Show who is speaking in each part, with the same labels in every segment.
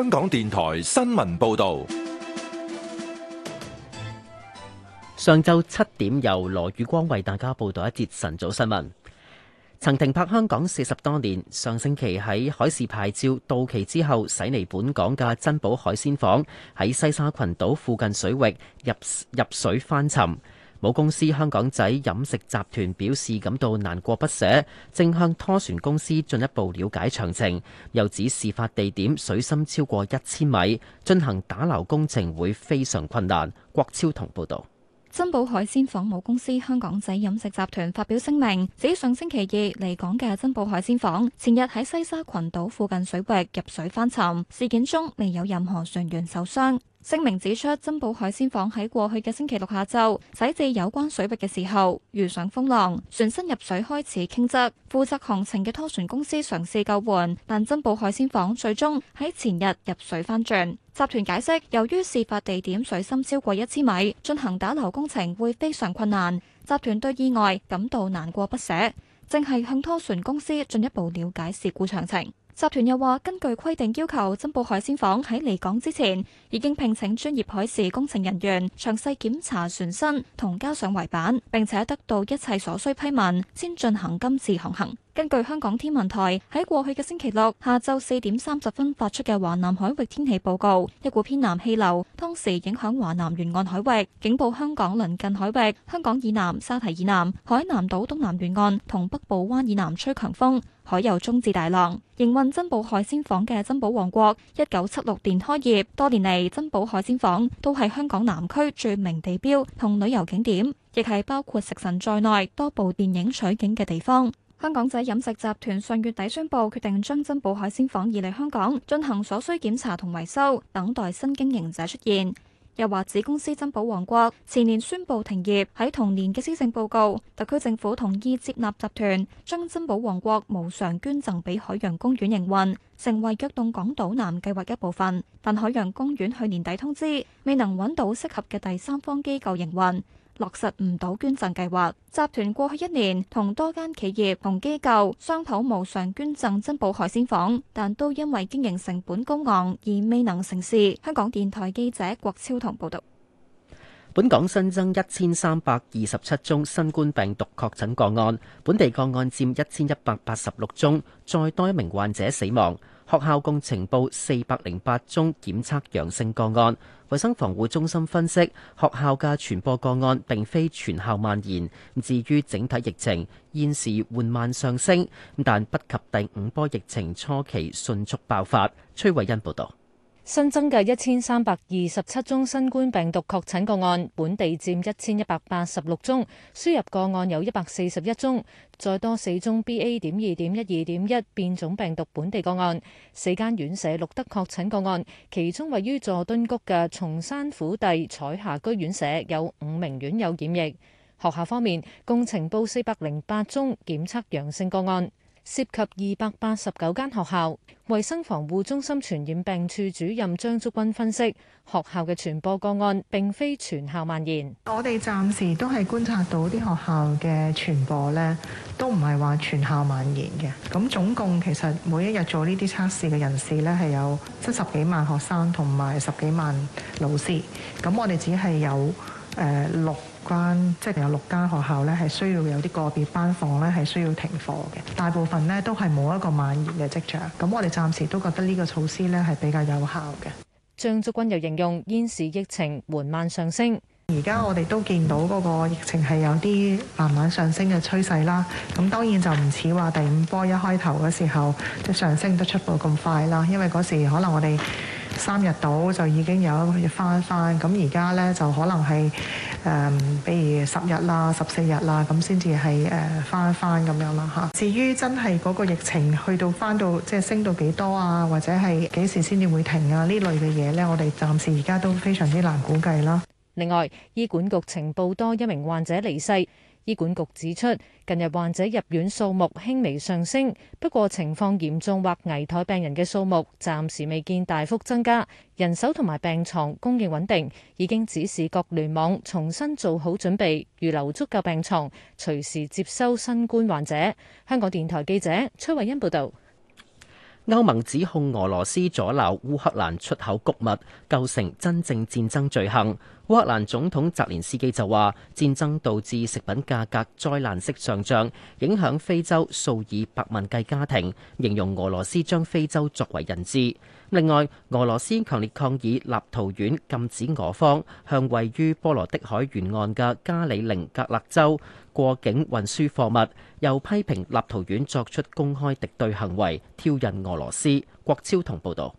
Speaker 1: 香港電台
Speaker 2: 新聞報道：上晝七點，由羅宇光為大家報道一節晨早新聞。曾停泊香港四十多年，上星期喺海事牌照到期之後，駛離本港嘅珍寶海鮮舫喺西沙群島附近水域入入水翻沉。母公司香港仔飲食集團表示感到難過不捨，正向拖船公司進一步了解詳情。又指事發地點水深超過一千米，進行打撈工程會非常困難。郭超同報導。
Speaker 3: 珍寶海鮮舫母公司香港仔飲食集團發表聲明，指上星期二離港嘅珍寶海鮮舫前日喺西沙群島附近水域入水翻沉，事件中未有任何船員受傷。聲明指出，珍寶海鮮舫喺過去嘅星期六下晝駛至有關水域嘅時候，遇上風浪，船身入水開始傾側，負責航程嘅拖船公司嘗試救援，但珍寶海鮮舫最終喺前日入水翻轉。集團解釋，由於事發地點水深超過一千米，進行打撈工程會非常困難。集團對意外感到難過不捨，正係向拖船公司進一步了解事故詳情。集團又話，根據規定要求，珍寶海鮮舫喺離港之前已經聘請專業海事工程人員詳細檢查船身，同加上圍板，並且得到一切所需批文，先進行今次航行。根據香港天文台喺過去嘅星期六下晝四點三十分發出嘅華南海域天氣報告，一股偏南氣流當時影響華南沿岸海域，警報香港鄰近海域、香港以南、沙堤以南、海南島東南沿岸同北部灣以南吹強風，海有中至大浪。營運珍寶海鮮舫嘅珍寶王國一九七六年開業，多年嚟，珍寶海鮮舫都係香港南區著名地標同旅遊景點，亦係包括食神在內多部電影取景嘅地方。香港仔飲食集團上月底宣布決定將珍寶海鮮舫移離香港進行所需檢查同維修，等待新經營者出現。又話子公司珍寶王國前年宣布停業，喺同年嘅施政報告，特區政府同意接納集團將珍寶王國無償捐贈俾海洋公園營運，成為躍動港島南計劃一部分。但海洋公園去年底通知未能揾到適合嘅第三方機構營運。落實唔到捐贈計劃，集團過去一年同多間企業同機構商討無償捐贈珍寶海鮮舫，但都因為經營成本高昂而未能成事。香港電台記者郭超同報道。
Speaker 2: 本港新增一千三百二十七宗新冠病毒確診個案，本地個案佔一千一百八十六宗，再多一名患者死亡。學校共呈報四百零八宗檢測陽性個案。衞生防護中心分析，學校嘅傳播個案並非全校蔓延。至於整體疫情，現時緩慢上升，但不及第五波疫情初期迅速爆發。崔慧欣報導。
Speaker 1: 新增嘅一千三百二十七宗新冠病毒確診個案，本地佔一千一百八十六宗，輸入個案有一百四十一宗，再多四宗 B A. 點二點一二點一變種病毒本地個案，四間院舍錄得確診個案，其中位於佐敦谷嘅松山府第彩霞居院舍有五名院友染疫。學校方面共呈報四百零八宗檢測陽性個案。涉及二百八十九間學校，衛生防護中心傳染病處主任張竹君分析，學校嘅傳播個案並非全校蔓延。
Speaker 4: 我哋暫時都係觀察到啲學校嘅傳播咧，都唔係話全校蔓延嘅。咁總共其實每一日做呢啲測試嘅人士咧，係有七十幾萬學生同埋十幾萬老師。咁我哋只係有誒六。呃關即係有六間學校咧，係需要有啲個別班房咧，係需要停課嘅。大部分咧都係冇一個蔓延嘅跡象。咁我哋暫時都覺得呢個措施咧係比較有效嘅。
Speaker 1: 張竹君又形容現時疫情緩慢上升。而家我哋都見到嗰個
Speaker 4: 疫情係有啲慢慢上升嘅趨勢啦。咁當然就唔似話第五波一開頭嗰時候即、就是、上升得出步咁快啦。因為嗰時可能我哋三日到就已經有翻翻，咁而家咧就可能係誒，比如十日啦、十四日啦，咁先至係誒翻翻咁樣啦嚇。至於真係嗰個疫情去到翻到即係升到幾多啊，或者係幾時先至會停啊呢類嘅嘢咧，我哋暫時而家都非常之難估計啦。另外，醫管局呈報多一名
Speaker 1: 患者離世。醫管局指出，近日患者入院數目輕微上升，不過情況嚴重或危殆病人嘅數目暫時未見大幅增加，人手同埋病床供應穩定，已經指示各聯網重新做好準備，預留足夠病床，隨時接收新冠患者。香港電台記者崔慧欣報道。
Speaker 2: 歐盟指控俄羅斯阻撓烏克蘭出口谷物，構成真正戰爭罪行。烏克蘭總統澤連斯基就話：戰爭導致食品價格災難式上漲，影響非洲數以百萬計家庭，形容俄羅斯將非洲作為人質。另外，俄羅斯強烈抗議立陶宛禁止俄方向位於波羅的海沿岸嘅加里寧格勒州過境運輸貨物，又批評立陶宛作出公開敵對行為，挑釁俄羅斯。郭超同報導，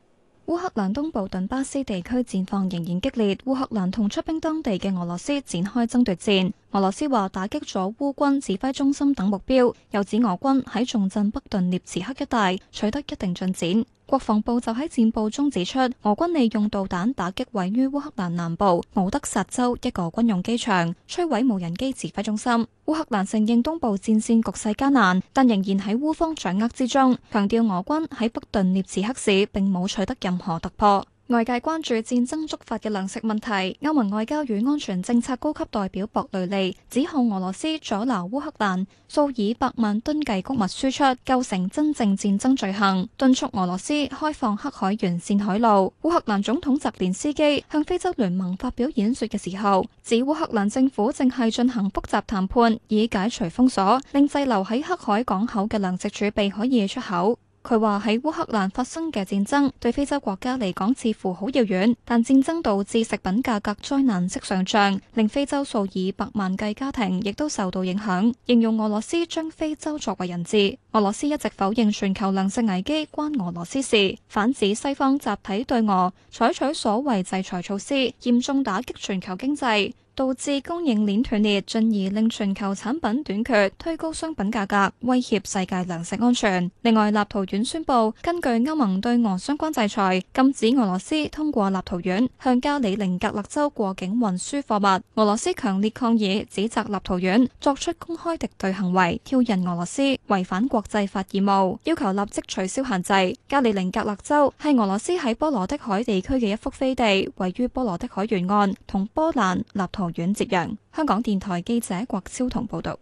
Speaker 3: 烏克蘭東部頓巴斯地區戰況仍然激烈，烏克蘭同出兵當地嘅俄羅斯展開爭奪戰。俄羅斯話打擊咗烏軍指揮中心等目標，又指俄軍喺重鎮北頓涅茨克一帶取得一定進展。國防部就喺戰報中指出，俄軍利用導彈打擊位於烏克蘭南部敖德薩州一個軍用機場，摧毀無人機指揮中心。烏克蘭承認東部戰線局勢艱難，但仍然喺烏方掌握之中，強調俄軍喺北頓涅茨克市並冇取得任何突破。外界關注戰爭觸發嘅糧食問題。歐盟外交與安全政策高級代表博雷利指控俄羅斯阻撓烏克蘭，數以百萬噸計穀物輸出構成真正戰爭罪行，敦促俄羅斯開放黑海沿線海路。烏克蘭總統澤連斯基向非洲聯盟發表演說嘅時候，指烏克蘭政府正係進行複雜談判，以解除封鎖，令滯留喺黑海港口嘅糧食儲備可以出口。佢話喺烏克蘭發生嘅戰爭對非洲國家嚟講似乎好遙遠，但戰爭導致食品價格災難式上漲，令非洲數以百萬計家庭亦都受到影響。形容俄羅斯將非洲作為人質，俄羅斯一直否認全球糧食危機關俄羅斯事，反指西方集體對俄採取所謂制裁措施，嚴重打擊全球經濟。導致供應鏈斷裂，進而令全球產品短缺，推高商品價格，威脅世界糧食安全。另外，立陶宛宣布根據歐盟對俄相關制裁，禁止俄羅斯通過立陶宛向加里寧格勒州過境運輸貨物。俄羅斯強烈抗議，指責立陶宛作出公開敵對行為，挑釁俄羅斯，違反國際法義務，要求立即取消限制。加里寧格勒州係俄羅斯喺波羅的海地區嘅一幅飛地，位於波羅的海沿岸，同波蘭、立陶。遠揭陽，香港電台記者郭超彤報道。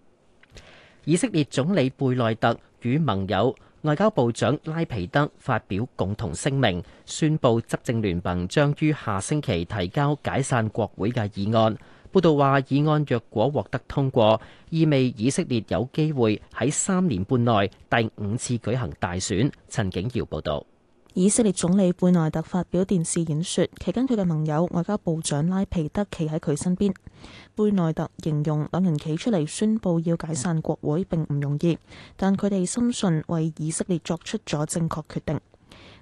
Speaker 2: 以色列總理貝內特與盟友、外交部長拉皮德發表共同聲明，宣布執政聯盟將於下星期提交解散國會嘅議案。報道話，議案若果獲得通過，意味以色列有機會喺三年半內第五次舉行大選。陳景瑤報道。
Speaker 5: 以色列總理貝內特發表電視演說，期間佢嘅盟友外交部長拉皮德企喺佢身邊。貝內特形容兩人企出嚟宣佈要解散國會並唔容易，但佢哋深信為以色列作出咗正確決定。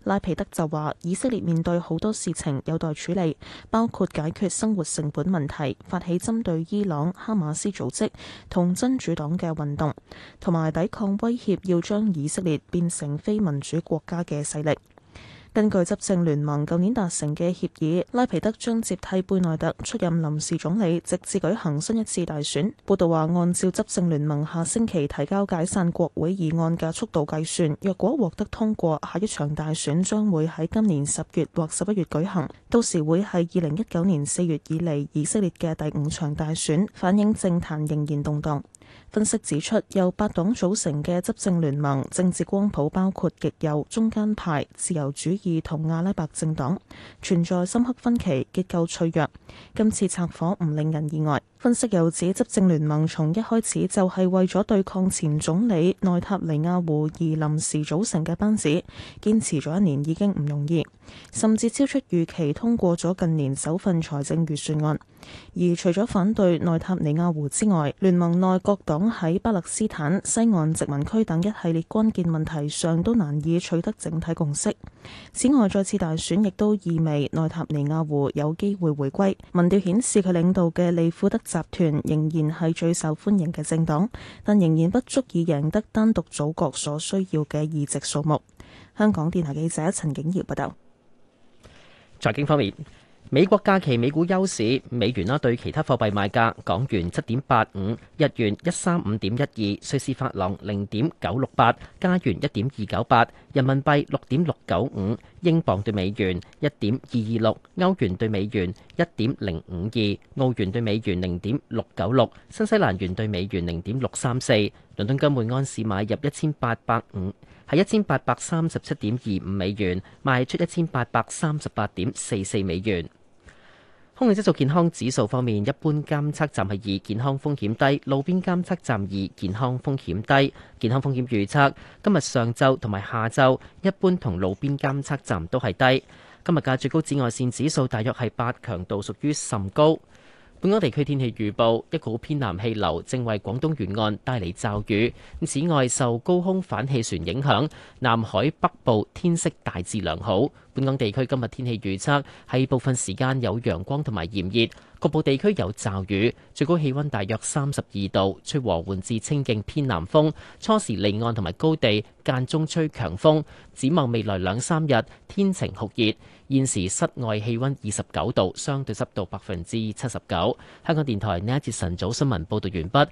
Speaker 5: 拉皮德就話，以色列面對好多事情有待處理，包括解決生活成本問題、發起針對伊朗、哈馬斯組織同真主黨嘅運動，同埋抵抗威脅要將以色列變成非民主國家嘅勢力。根據執政聯盟舊年達成嘅協議，拉皮德將接替貝內特出任臨時總理，直至舉行新一次大選。報道話，按照執政聯盟下星期提交解散國會議案嘅速度計算，若果獲得通過，下一場大選將會喺今年十月或十一月舉行，到時會係二零一九年四月以嚟以色列嘅第五場大選。反映政壇仍然動盪。分析指出，由八黨組成嘅執政聯盟政治光譜包括極右、中間派、自由主義同阿拉伯政黨存在深刻分歧，結構脆弱。今次拆夥，唔令人意外。分析又指，執政聯盟從一開始就係為咗對抗前總理內塔尼亞胡而臨時組成嘅班子，堅持咗一年已經唔容易，甚至超出預期通過咗近年首份財政預算案。而除咗反對內塔尼亞胡之外，聯盟內各黨喺巴勒斯坦西岸殖民區等一系列關鍵問題上都難以取得整體共識。此外，再次大選亦都意味內塔尼亞胡有機會回歸。民調顯示佢領導嘅利庫德集團仍然係最受歡迎嘅政黨，但仍然不足以贏得單獨組閣所需要嘅議席數目。香港電台記者陳景瑤報道。
Speaker 2: 財經方面。美國假期美股休市，美元啦對其他貨幣賣價：港元七點八五，日元一三五點一二，瑞士法郎零點九六八，加元一點二九八，人民幣六點六九五。英鎊兌美元一點二二六，歐元兌美元一點零五二，澳元兌美元零點六九六，新西蘭元兌美元零點六三四。倫敦金每安士買入一千八百五，係一千八百三十七點二五美元，賣出一千八百三十八點四四美元。空氣質素健康指數方面，一般監測站係二，健康風險低，路邊監測站二，健康風險低。健康風險預測今日上晝同埋下晝，一般同路邊監測站都係低。今日嘅最高紫外線指數大約係八，強度屬於甚高。本港地區天氣預報：一股偏南氣流正為廣東沿岸帶嚟驟雨。此外，受高空反氣旋影響，南海北部天色大致良好。本港地區今日天氣預測係部分時間有陽光同埋炎熱，局部地區有驟雨，最高氣溫大約三十二度，吹和緩至清勁偏南風，初時離岸同埋高地間中吹強風。展望未來兩三日天晴酷熱。現時室外氣溫二十九度，相對濕度百分之七十九。香港電台呢一節晨早新聞報道完畢。